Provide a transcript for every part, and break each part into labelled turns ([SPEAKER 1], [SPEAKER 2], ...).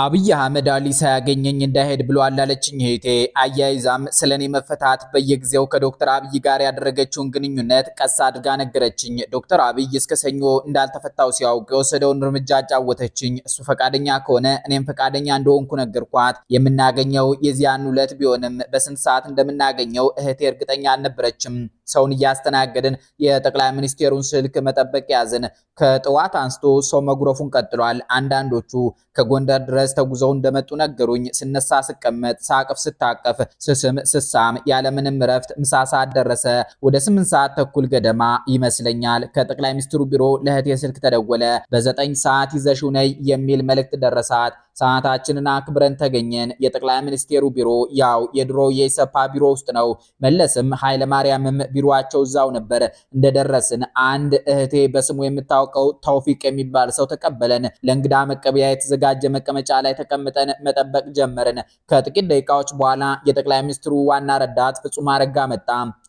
[SPEAKER 1] አብይ አህመድ አሊ ሳያገኘኝ እንዳይሄድ ብሎ አለችኝ እህቴ። አያይዛም ስለ እኔ መፈታት በየጊዜው ከዶክተር አብይ ጋር ያደረገችውን ግንኙነት ቀስ አድርጋ ነገረችኝ። ዶክተር አብይ እስከ ሰኞ እንዳልተፈታው ሲያውቅ የወሰደውን እርምጃ አጫወተችኝ። እሱ ፈቃደኛ ከሆነ እኔም ፈቃደኛ እንደሆንኩ ነገርኳት። የምናገኘው የዚያን ዕለት ቢሆንም በስንት ሰዓት እንደምናገኘው እህቴ እርግጠኛ አልነበረችም። ሰውን እያስተናገድን የጠቅላይ ሚኒስቴሩን ስልክ መጠበቅ ያዝን። ከጠዋት አንስቶ ሰው መጉረፉን ቀጥሏል። አንዳንዶቹ ከጎንደር ድረስ ተጉዘው እንደመጡ ነገሩኝ። ስነሳ፣ ስቀመጥ፣ ሳቅፍ፣ ስታቀፍ፣ ስስም፣ ስሳም ያለምንም እረፍት ምሳ ሰዓት ደረሰ። ወደ ስምንት ሰዓት ተኩል ገደማ ይመስለኛል ከጠቅላይ ሚኒስትሩ ቢሮ ለእህቴ ስልክ ተደወለ። በዘጠኝ ሰዓት ይዘሽው ነይ የሚል መልእክት ደረሳት። ሰዓታችንን አክብረን ተገኘን። የጠቅላይ ሚኒስቴሩ ቢሮ ያው የድሮ የኢሰፓ ቢሮ ውስጥ ነው። መለስም ኃይለማርያምም ቢሮቸው እዛው ነበር። እንደደረስን አንድ እህቴ በስሙ የምታውቀው ተውፊቅ የሚባል ሰው ተቀበለን። ለእንግዳ መቀበያ የተዘጋጀ መቀመጫ ላይ ተቀምጠን መጠበቅ ጀመርን። ከጥቂት ደቂቃዎች በኋላ የጠቅላይ ሚኒስትሩ ዋና ረዳት ፍጹም አረጋ መጣ።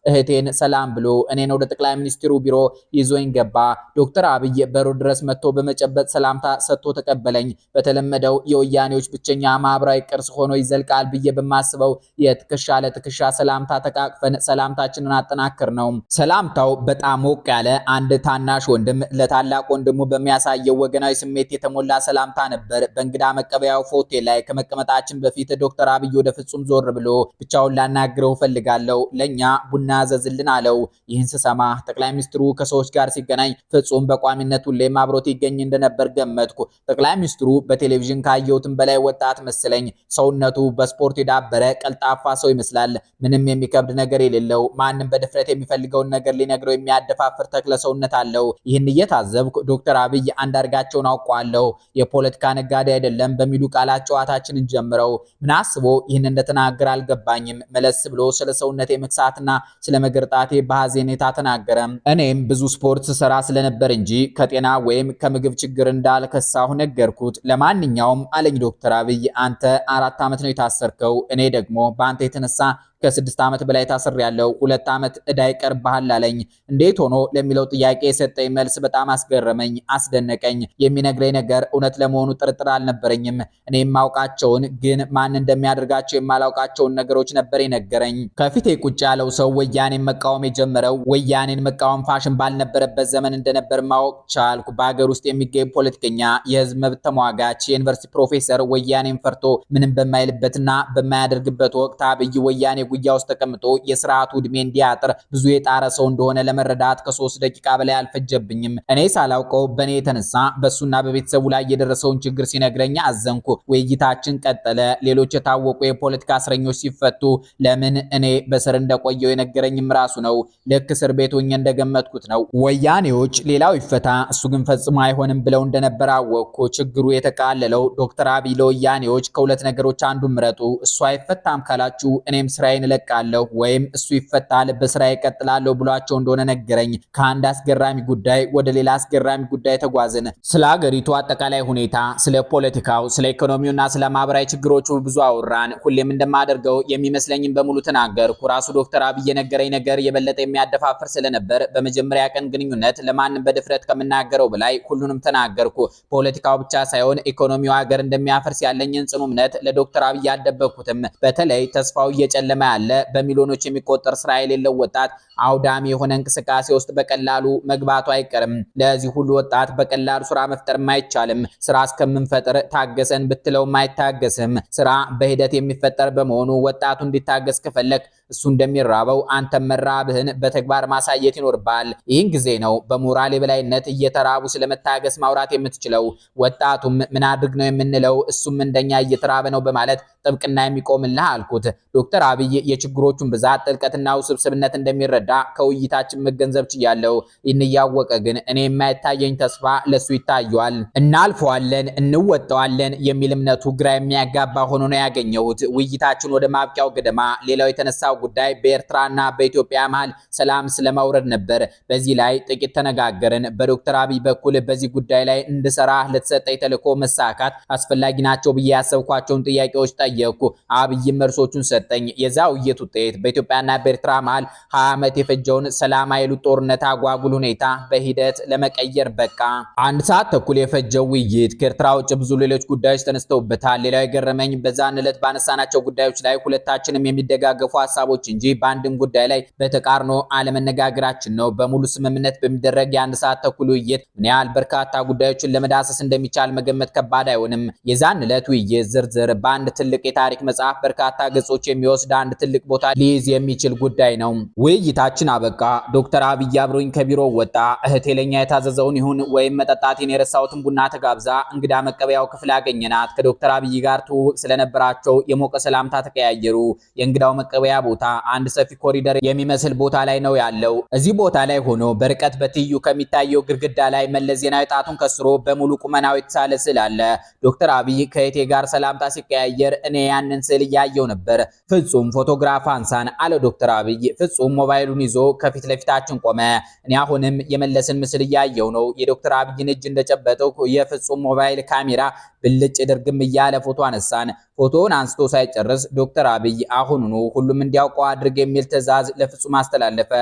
[SPEAKER 1] እህቴን ሰላም ብሎ እኔን ወደ ጠቅላይ ሚኒስትሩ ቢሮ ይዞኝ ገባ። ዶክተር አብይ በሩ ድረስ መጥቶ በመጨበጥ ሰላምታ ሰጥቶ ተቀበለኝ። በተለመደው የወያኔዎች ብቸኛ ማህበራዊ ቅርስ ሆኖ ይዘልቃል ብዬ በማስበው የትከሻ ለትከሻ ሰላምታ ተቃቅፈን ሰላምታችንን አጠናክር ነው። ሰላምታው በጣም ሞቅ ያለ አንድ ታናሽ ወንድም ለታላቅ ወንድሙ በሚያሳየው ወገናዊ ስሜት የተሞላ ሰላምታ ነበር። በእንግዳ መቀበያው ፎቴ ላይ ከመቀመጣችን በፊት ዶክተር አብይ ወደ ፍጹም ዞር ብሎ ብቻውን ላናግረው ፈልጋለሁ ለእኛ ቡና አዘዝልን አለው። ይህን ስሰማ ጠቅላይ ሚኒስትሩ ከሰዎች ጋር ሲገናኝ ፍጹም በቋሚነት ሁሌም አብሮት ይገኝ እንደነበር ገመትኩ። ጠቅላይ ሚኒስትሩ በቴሌቪዥን ካየሁትም በላይ ወጣት መሰለኝ። ሰውነቱ በስፖርት የዳበረ ቀልጣፋ ሰው ይመስላል። ምንም የሚከብድ ነገር የሌለው ማንም በድፍረት የሚፈልገውን ነገር ሊነግረው የሚያደፋፍር ተክለ ሰውነት አለው። ይህን እየታዘብኩ ዶክተር አብይ አንዳርጋቸውን አውቋለሁ። የፖለቲካ ነጋዴ አይደለም በሚሉ ቃላት ጨዋታችንን ጀምረው ምን አስቦ ይህን እንደተናገር አልገባኝም። መለስ ብሎ ስለ ሰውነት የመክሳትና ስለ መገርጣቴ በሐዘኔታ ተናገረ። እኔም ብዙ ስፖርት ስራ ስለነበር እንጂ ከጤና ወይም ከምግብ ችግር እንዳልከሳሁ ነገርኩት። ለማንኛውም አለኝ ዶክተር አብይ አንተ አራት ዓመት ነው የታሰርከው። እኔ ደግሞ በአንተ የተነሳ ከስድስት ዓመት በላይ ታስር ያለው ሁለት ዓመት እዳ ይቀርብሃል አለኝ። እንዴት ሆኖ ለሚለው ጥያቄ የሰጠኝ መልስ በጣም አስገረመኝ፣ አስደነቀኝ። የሚነግረኝ ነገር እውነት ለመሆኑ ጥርጥር አልነበረኝም። እኔ የማውቃቸውን ግን ማን እንደሚያደርጋቸው የማላውቃቸውን ነገሮች ነበር የነገረኝ። ከፊቴ ቁጭ ያለው ሰው ወያኔን መቃወም የጀመረው ወያኔን መቃወም ፋሽን ባልነበረበት ዘመን እንደነበር ማወቅ ቻልኩ። በሀገር ውስጥ የሚገኝ ፖለቲከኛ፣ የህዝብ መብት ተሟጋች፣ የዩኒቨርሲቲ ፕሮፌሰር ወያኔን ፈርቶ ምንም በማይልበትና በማያደርግበት ወቅት አብይ ወያኔ ጉያ ውስጥ ተቀምጦ የስርዓቱ ዕድሜ እንዲያጥር ብዙ የጣረ ሰው እንደሆነ ለመረዳት ከሶስት ደቂቃ በላይ አልፈጀብኝም። እኔ ሳላውቀው በእኔ የተነሳ በእሱና በቤተሰቡ ላይ የደረሰውን ችግር ሲነግረኝ አዘንኩ። ውይይታችን ቀጠለ። ሌሎች የታወቁ የፖለቲካ እስረኞች ሲፈቱ ለምን እኔ በስር እንደቆየው የነገረኝም ራሱ ነው። ልክ እስር ቤት ሆኜ እንደገመትኩት ነው። ወያኔዎች ሌላው ይፈታ፣ እሱ ግን ፈጽሞ አይሆንም ብለው እንደነበር አወቅኩ። ችግሩ የተቃለለው ዶክተር አብይ ለወያኔዎች ከሁለት ነገሮች አንዱ ምረጡ፣ እሱ አይፈታም ካላችሁ እኔም ስራዬን ስራዬን እለቃለሁ ወይም እሱ ይፈታል በስራ ይቀጥላለሁ ብሏቸው እንደሆነ ነገረኝ። ከአንድ አስገራሚ ጉዳይ ወደ ሌላ አስገራሚ ጉዳይ ተጓዝን። ስለ ሀገሪቱ አጠቃላይ ሁኔታ፣ ስለ ፖለቲካው፣ ስለ ኢኮኖሚውና ስለ ማህበራዊ ችግሮቹ ብዙ አወራን። ሁሌም እንደማደርገው የሚመስለኝም በሙሉ ተናገርኩ። ራሱ ዶክተር አብይ የነገረኝ ነገር የበለጠ የሚያደፋፍር ስለነበር በመጀመሪያ ቀን ግንኙነት ለማንም በድፍረት ከምናገረው በላይ ሁሉንም ተናገርኩ። ፖለቲካው ብቻ ሳይሆን ኢኮኖሚው ሀገር እንደሚያፈርስ ያለኝን ጽኑ እምነት ለዶክተር አብይ አልደበኩትም። በተለይ ተስፋው እየጨለመ ከተማ ያለ በሚሊዮኖች የሚቆጠር ስራ የሌለው ወጣት አውዳሚ የሆነ እንቅስቃሴ ውስጥ በቀላሉ መግባቱ አይቀርም። ለዚህ ሁሉ ወጣት በቀላሉ ስራ መፍጠርም አይቻልም። ስራ እስከምንፈጥር ታገሰን ብትለውም አይታገስም። ስራ በሂደት የሚፈጠር በመሆኑ ወጣቱ እንዲታገስ ከፈለክ እሱ እንደሚራበው አንተ መራብህን በተግባር ማሳየት ይኖርባል። ይህን ጊዜ ነው በሞራል የበላይነት እየተራቡ ስለመታገስ ማውራት የምትችለው። ወጣቱም ምን አድርግ ነው የምንለው፣ እሱም እንደኛ እየተራበ ነው በማለት ጥብቅና የሚቆምልህ አልኩት ዶክተር አብይ የችግሮቹን ብዛት ጥልቀትና ውስብስብነት እንደሚረዳ ከውይይታችን መገንዘብ ችያለሁ። ይህን እያወቀ ግን እኔ የማይታየኝ ተስፋ ለሱ ይታየዋል። እናልፈዋለን፣ እንወጠዋለን የሚል እምነቱ ግራ የሚያጋባ ሆኖ ነው ያገኘሁት። ውይይታችን ወደ ማብቂያው ገደማ ሌላው የተነሳው ጉዳይ በኤርትራና በኢትዮጵያ መሃል ሰላም ስለማውረድ ነበር። በዚህ ላይ ጥቂት ተነጋገርን። በዶክተር አብይ በኩል በዚህ ጉዳይ ላይ እንድሰራ ለተሰጠኝ ተልዕኮ መሳካት አስፈላጊ ናቸው ብዬ ያሰብኳቸውን ጥያቄዎች ጠየቅኩ። አብይም መልሶቹን ሰጠኝ። የዛ የዛው ውይይት ውጤት በኢትዮጵያና በኤርትራ መሃል ሀያ ዓመት የፈጀውን ሰላም አይሉ ጦርነት አጓጉል ሁኔታ በሂደት ለመቀየር በቃ። አንድ ሰዓት ተኩል የፈጀው ውይይት ከኤርትራ ውጭ ብዙ ሌሎች ጉዳዮች ተነስተውበታል። ሌላው የገረመኝ በዛን ዕለት ባነሳናቸው ጉዳዮች ላይ ሁለታችንም የሚደጋገፉ ሀሳቦች እንጂ በአንድም ጉዳይ ላይ በተቃርኖ አለመነጋገራችን ነው። በሙሉ ስምምነት በሚደረግ የአንድ ሰዓት ተኩል ውይይት ምን ያህል በርካታ ጉዳዮችን ለመዳሰስ እንደሚቻል መገመት ከባድ አይሆንም። የዛን ዕለት ውይይት ዝርዝር በአንድ ትልቅ የታሪክ መጽሐፍ በርካታ ገጾች የሚወስድ አንድ አንድ ትልቅ ቦታ ሊይዝ የሚችል ጉዳይ ነው። ውይይታችን አበቃ። ዶክተር አብይ አብሮኝ ከቢሮ ወጣ። እህቴ ለኛ የታዘዘውን ይሁን ወይም መጠጣቴን የረሳሁትን ቡና ተጋብዛ እንግዳ መቀበያው ክፍል አገኘናት። ከዶክተር አብይ ጋር ትውውቅ ስለነበራቸው የሞቀ ሰላምታ ተቀያየሩ። የእንግዳው መቀበያ ቦታ አንድ ሰፊ ኮሪደር የሚመስል ቦታ ላይ ነው ያለው። እዚህ ቦታ ላይ ሆኖ በርቀት በትይዩ ከሚታየው ግድግዳ ላይ መለስ ዜናዊ ጣቱን ከስሮ በሙሉ ቁመናው የተሳለ ስዕል አለ። ዶክተር አብይ ከእቴ ጋር ሰላምታ ሲቀያየር እኔ ያንን ስዕል እያየው ነበር። ፍጹም ፎቶግራፍ አንሳን አለ ዶክተር አብይ ፍጹም ሞባይሉን ይዞ ከፊት ለፊታችን ቆመ። እኔ አሁንም የመለስን ምስል እያየው ነው። የዶክተር አብይን እጅ እንደጨበጠው የፍጹም ሞባይል ካሜራ ብልጭ ድርግም እያለ ፎቶ አነሳን። ፎቶውን አንስቶ ሳይጨርስ ዶክተር አብይ አሁኑኑ ሁሉም እንዲያውቀው አድርግ የሚል ትዕዛዝ ለፍጹም አስተላለፈ።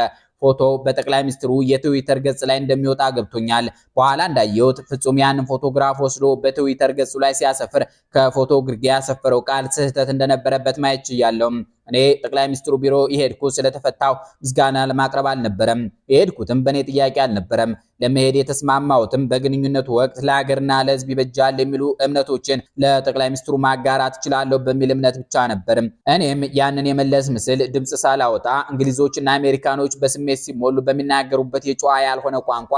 [SPEAKER 1] ፎቶ በጠቅላይ ሚኒስትሩ የትዊተር ገጽ ላይ እንደሚወጣ ገብቶኛል። በኋላ እንዳየሁት ፍጹም ያንን ፎቶግራፍ ወስዶ በትዊተር ገጹ ላይ ሲያሰፍር ከፎቶ ግርጌ ያሰፈረው ቃል ስህተት እንደነበረበት ማየት ችያለሁ። እኔ ጠቅላይ ሚኒስትሩ ቢሮ የሄድኩት ስለተፈታው ምስጋና ለማቅረብ አልነበረም። የሄድኩትም በእኔ ጥያቄ አልነበረም። ለመሄድ የተስማማሁትም በግንኙነቱ ወቅት ለሀገርና ለሕዝብ ይበጃል የሚሉ እምነቶችን ለጠቅላይ ሚኒስትሩ ማጋራት እችላለሁ በሚል እምነት ብቻ ነበርም። እኔም ያንን የመለስ ምስል ድምፅ ሳላወጣ እንግሊዞችና አሜሪካኖች በስሜት ሲሞሉ በሚናገሩበት የጨዋ ያልሆነ ቋንቋ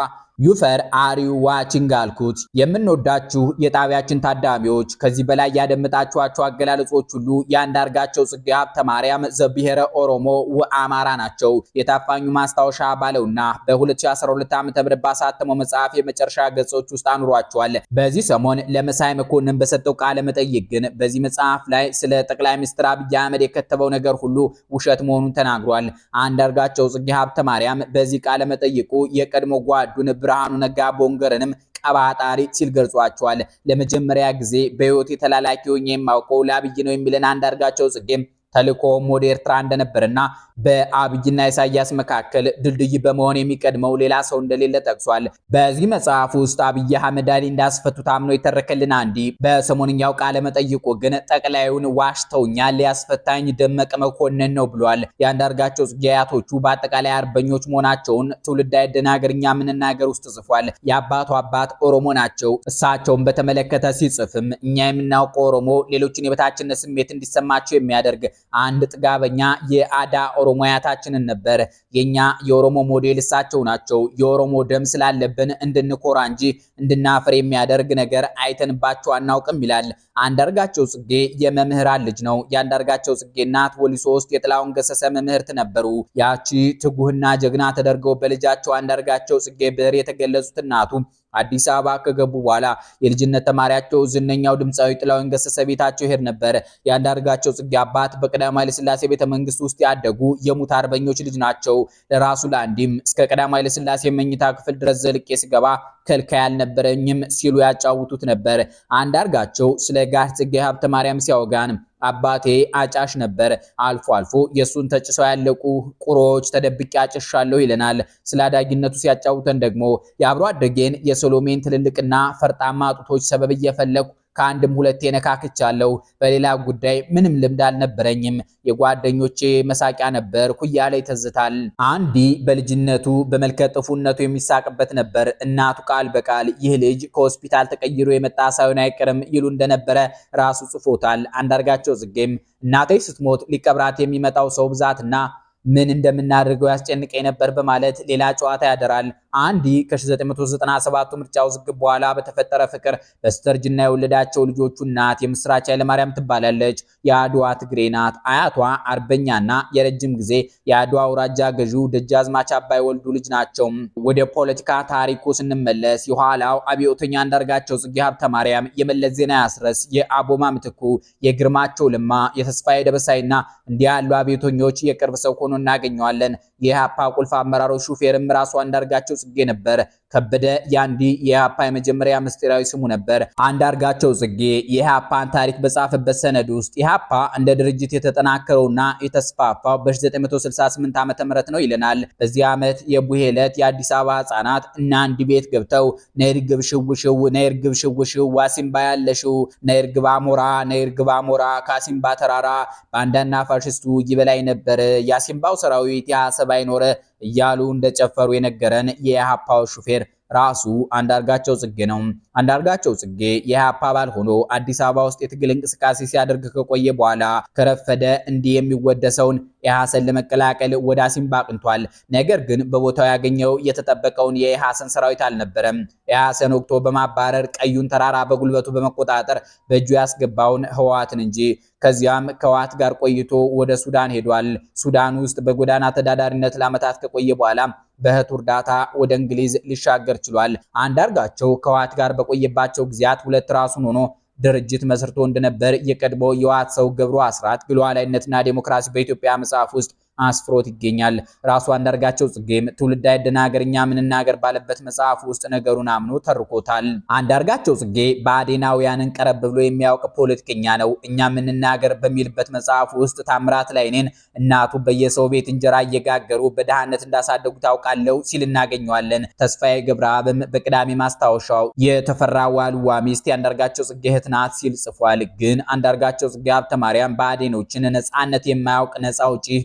[SPEAKER 1] ዩፈር አሪው ዋችንግ አልኩት። የምንወዳችሁ የጣቢያችን ታዳሚዎች ከዚህ በላይ ያደምጣችኋቸው አገላለጾች ሁሉ የአንዳርጋቸው ጽጌ ሀብተ ማርያም ዘብሔረ ኦሮሞ ወአማራ ናቸው። የታፋኙ ማስታወሻ ባለውና በ2012 ዓ.ም ባሳተመው መጽሐፍ የመጨረሻ ገጾች ውስጥ አኑሯቸዋል። በዚህ ሰሞን ለመሳይ መኮንን በሰጠው ቃለ መጠይቅ ግን በዚህ መጽሐፍ ላይ ስለ ጠቅላይ ሚኒስትር አብይ አህመድ የከተበው ነገር ሁሉ ውሸት መሆኑን ተናግሯል። አንዳርጋቸው ጽጌ ሀብተ ማርያም በዚህ ቃለ መጠይቁ የቀድሞ ጓዱን ብርሃኑ ነጋ ቦንገርንም ቀባጣሪ ሲል ገልጿቸዋል። ለመጀመሪያ ጊዜ በህይወት ሆኜ የማውቀው ለአብይ ነው የሚለን አንዳርጋቸው ጽጌም ተልእኮውም ወደ ኤርትራ እንደነበርና በአብይና ኢሳያስ መካከል ድልድይ በመሆን የሚቀድመው ሌላ ሰው እንደሌለ ጠቅሷል። በዚህ መጽሐፍ ውስጥ አብይ አህመድ አሊ እንዳስፈቱት አምኖ የተረከልን አንዲ በሰሞንኛው ቃለ መጠይቁ ግን ጠቅላዩን ዋሽተውኛል፣ ሊያስፈታኝ ደመቀ መኮንን ነው ብሏል። የአንዳርጋቸው ጽጌ በአጠቃላይ አርበኞች መሆናቸውን ትውልድ አይደናገርኛ ምንናገር ውስጥ ጽፏል። የአባቱ አባት ኦሮሞ ናቸው። እሳቸውን በተመለከተ ሲጽፍም እኛ የምናውቀው ኦሮሞ ሌሎችን የበታችነት ስሜት እንዲሰማቸው የሚያደርግ አንድ ጥጋበኛ የአዳ ኦሮሞ አያታችንን ነበር። የኛ የኦሮሞ ሞዴል እሳቸው ናቸው። የኦሮሞ ደም ስላለብን እንድንኮራ እንጂ እንድናፍር የሚያደርግ ነገር አይተንባቸው አናውቅም ይላል አንዳርጋቸው ጽጌ። የመምህራን ልጅ ነው። የአንዳርጋቸው ጽጌ እናት ወሊሶ ውስጥ የጥላውን ገሰሰ መምህርት ነበሩ። ያቺ ትጉህና ጀግና ተደርገው በልጃቸው አንዳርጋቸው ጽጌ ብዕር የተገለጹት እናቱ አዲስ አበባ ከገቡ በኋላ የልጅነት ተማሪያቸው ዝነኛው ድምፃዊ ጥላሁን ገሰሰ ቤታቸው ይሄድ ነበር። የአንዳርጋቸው ጽጌ አባት በቀዳማዊ ኃይለሥላሴ ቤተ መንግስት ውስጥ ያደጉ የሙት አርበኞች ልጅ ናቸው። ለራሱ ለአንዲም እስከ ቀዳማዊ ኃይለሥላሴ መኝታ ክፍል ድረስ ዘልቄ ስገባ ከልካይ አልነበረኝም ሲሉ ያጫውቱት ነበር። አንዳርጋቸው ስለ ጋሽ ጽጌ ሀብተ ማርያም ሲያወጋን አባቴ አጫሽ ነበር። አልፎ አልፎ የእሱን ተጭሰው ያለቁ ቁሮዎች ተደብቄ አጭሻለሁ ይለናል። ስለ አዳጊነቱ ሲያጫውተን ደግሞ የአብሮ አደጌን የሰሎሜን ትልልቅና ፈርጣማ ጡቶች ሰበብ እየፈለኩ ከአንድም ሁለቴ ነካክቻለሁ። በሌላ ጉዳይ ምንም ልምድ አልነበረኝም። የጓደኞቼ መሳቂያ ነበር እያለ ይተዝታል። አንዲ በልጅነቱ በመልከ ጥፉነቱ የሚሳቅበት ነበር። እናቱ ቃል በቃል ይህ ልጅ ከሆስፒታል ተቀይሮ የመጣ ሳይሆን አይቀርም ይሉ እንደነበረ ራሱ ጽፎታል። አንዳርጋቸው ጽጌም እናቴ ስትሞት ሊቀብራት የሚመጣው ሰው ብዛትና ምን እንደምናደርገው ያስጨንቀኝ ነበር በማለት ሌላ ጨዋታ ያደራል። አንዲ ከ1997 ምርጫ ውዝግብ በኋላ በተፈጠረ ፍቅር በስተርጅና የወለዳቸው ልጆቹ እናት የምስራች ኃይለማርያም ትባላለች። የአድዋ ትግሬ ናት። አያቷ አርበኛና የረጅም ጊዜ የአድዋ አውራጃ ገዢው ደጃዝማች አባይ ወልዱ ልጅ ናቸው። ወደ ፖለቲካ ታሪኩ ስንመለስ የኋላው አብዮተኛ አንዳርጋቸው ጽጌ ሀብተ ማርያም፣ የመለስ ዜና ያስረስ፣ የአቦማ ምትኩ፣ የግርማቸው ልማ የተስፋዬ ደበሳይና እንዲህ ያሉ አብዮተኞች የቅርብ ሰው ሆኖ ሆኖ እናገኘዋለን። የኢህአፓ ቁልፍ አመራሮች ሹፌርም ራሱ አንዳርጋቸው ጽጌ ነበር። ከበደ ያንዲ የኢህአፓ የመጀመሪያ ምስጢራዊ ስሙ ነበር። አንዳርጋቸው ጽጌ የኢህአፓን ታሪክ በጻፈበት ሰነድ ውስጥ ኢህአፓ እንደ ድርጅት የተጠናከረውና የተስፋፋው በ1968 ዓ ም ነው ይለናል። በዚህ ዓመት የቡሄ ዕለት የአዲስ አበባ ህጻናት እና አንድ ቤት ገብተው ነይርግብ ሽውሽው ነይርግብ ሽውሽው ዋሲምባ ያለሽው ነይርግብ አሞራ ነይርግብ አሞራ ካሲምባ ተራራ ባንዳና ፋሽስቱ ይበላይ ነበር ያሲምባ የገንባው ሰራዊት የሐሰብ አይኖረ እያሉ እንደጨፈሩ የነገረን የኢህአፓው ሹፌር ራሱ አንዳርጋቸው ጽጌ ነው። አንዳርጋቸው ጽጌ የኢህአፓ አባል ሆኖ አዲስ አበባ ውስጥ የትግል እንቅስቃሴ ሲያደርግ ከቆየ በኋላ ከረፈደ እንዲህ የሚወደሰውን የሐሰን ለመቀላቀል ወደ አሲምባ አቅንቷል። ነገር ግን በቦታው ያገኘው የተጠበቀውን የሐሰን ሰራዊት አልነበረም። የሐሰን ወቅቶ በማባረር ቀዩን ተራራ በጉልበቱ በመቆጣጠር በእጁ ያስገባውን ህወሓትን እንጂ ከዚያም ከህወሓት ጋር ቆይቶ ወደ ሱዳን ሄዷል። ሱዳን ውስጥ በጎዳና ተዳዳሪነት ለዓመታት ከቆየ በኋላ በእህቱ እርዳታ ወደ እንግሊዝ ሊሻገር ችሏል። አንዳርጋቸው ከህወሓት ጋር በቆየባቸው ጊዜያት ሁለት ራሱን ሆኖ ድርጅት መስርቶ እንደነበር የቀድሞ የህወሓት ሰው ገብሩ አስራት ግሎዋላዊነትና ዴሞክራሲ በኢትዮጵያ መጽሐፍ ውስጥ አስፍሮት ይገኛል። ራሱ አንዳርጋቸው ጽጌም ትውልድ አይደናገር እኛ ምንናገር ባለበት መጽሐፍ ውስጥ ነገሩን አምኖ ተርኮታል። አንዳርጋቸው ጽጌ በአዴናውያንን ቀረብ ብሎ የሚያውቅ ፖለቲከኛ ነው። እኛ ምንናገር በሚልበት መጽሐፍ ውስጥ ታምራት ላይ እናቱ በየሰው ቤት እንጀራ እየጋገሩ በደሃነት እንዳሳደጉ ታውቃለው ሲል እናገኘዋለን። ተስፋዬ ገብረአብም በቅዳሜ ማስታወሻው የተፈራ ዋልዋ ሚስት የአንዳርጋቸው ጽጌ እህት ናት ሲል ጽፏል። ግን አንዳርጋቸው ጽጌ ሀብተ ማርያም ነጻነት የማያውቅ ነጻ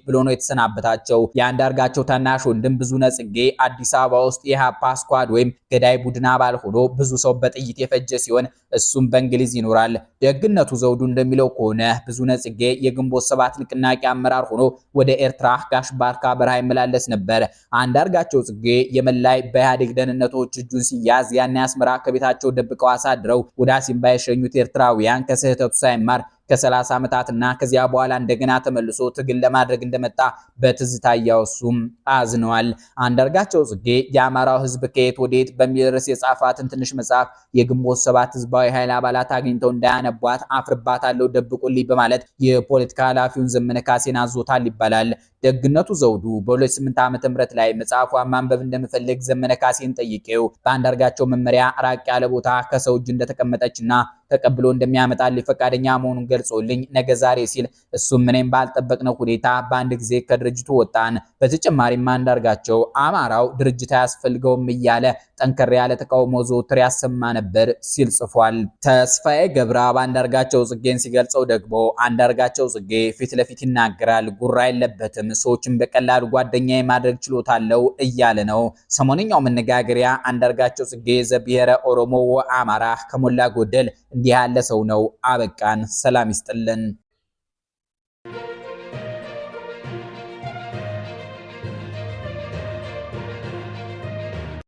[SPEAKER 1] ብሎ ነው የተሰናበታቸው የአንዳርጋቸው ታናሽ ወንድም ብዙ ጽጌ አዲስ አበባ ውስጥ የኢሃፓ ስኳድ ወይም ገዳይ ቡድን አባል ሆኖ ብዙ ሰው በጥይት የፈጀ ሲሆን እሱም በእንግሊዝ ይኖራል። ደግነቱ ዘውዱ እንደሚለው ከሆነ ብዙ ጽጌ የግንቦት ሰባት ንቅናቄ አመራር ሆኖ ወደ ኤርትራ ጋሽ ባርካ በረሃ ይመላለስ ነበር። አንዳርጋቸው ጽጌ የመላይ ላይ በኢህአዴግ ደህንነቶች እጁን ሲያዝ ያን አስመራ ከቤታቸው ደብቀው አሳድረው ወደ አሲምባ የሸኙት ኤርትራውያን ከስህተቱ ሳይማር ከ30 ዓመታትና ከዚያ በኋላ እንደገና ተመልሶ ትግል ለማድረግ እንደመጣ በትዝታ እያወሱም አዝነዋል። አንዳርጋቸው ጽጌ የአማራው ህዝብ ከየት ወዴት በሚል ርዕስ የጻፋትን ትንሽ መጽሐፍ የግንቦት ሰባት ህዝባዊ ኃይል አባላት አግኝተው እንዳያነቧት አፍርባታለሁ ደብቁልኝ በማለት የፖለቲካ ኃላፊውን ዘመነ ካሴን አዞታል ይባላል። ደግነቱ ዘውዱ በ28 ዓመተ ምህረት ላይ መጽሐፉ ማንበብ እንደምፈልግ ዘመነ ካሴን ጠይቄው በአንዳርጋቸው መመሪያ ራቅ ያለ ቦታ ከሰው እጅ እንደተቀመጠችና ተቀብሎ እንደሚያመጣልኝ ፈቃደኛ መሆኑን ገልጾልኝ ነገ ዛሬ ሲል እሱም እኔም ባልጠበቅነው ሁኔታ በአንድ ጊዜ ከድርጅቱ ወጣን። በተጨማሪም አንዳርጋቸው አማራው ድርጅት አያስፈልገውም እያለ ጠንከር ያለ ተቃውሞ ዘውትር ያሰማ ነበር ሲል ጽፏል። ተስፋዬ ገብረ በአንዳርጋቸው ጽጌን ሲገልጸው ደግሞ አንዳርጋቸው ጽጌ ፊት ለፊት ይናገራል፣ ጉራ የለበትም፣ ሰዎችን በቀላሉ ጓደኛ የማድረግ ችሎታ አለው እያለ ነው። ሰሞነኛው መነጋገሪያ አንዳርጋቸው ጽጌ ዘብሔረ ኦሮሞ አማራ ከሞላ ጎደል እንዲህ ያለ ሰው ነው። አበቃን። ሰላም ሰላም ይስጥልን።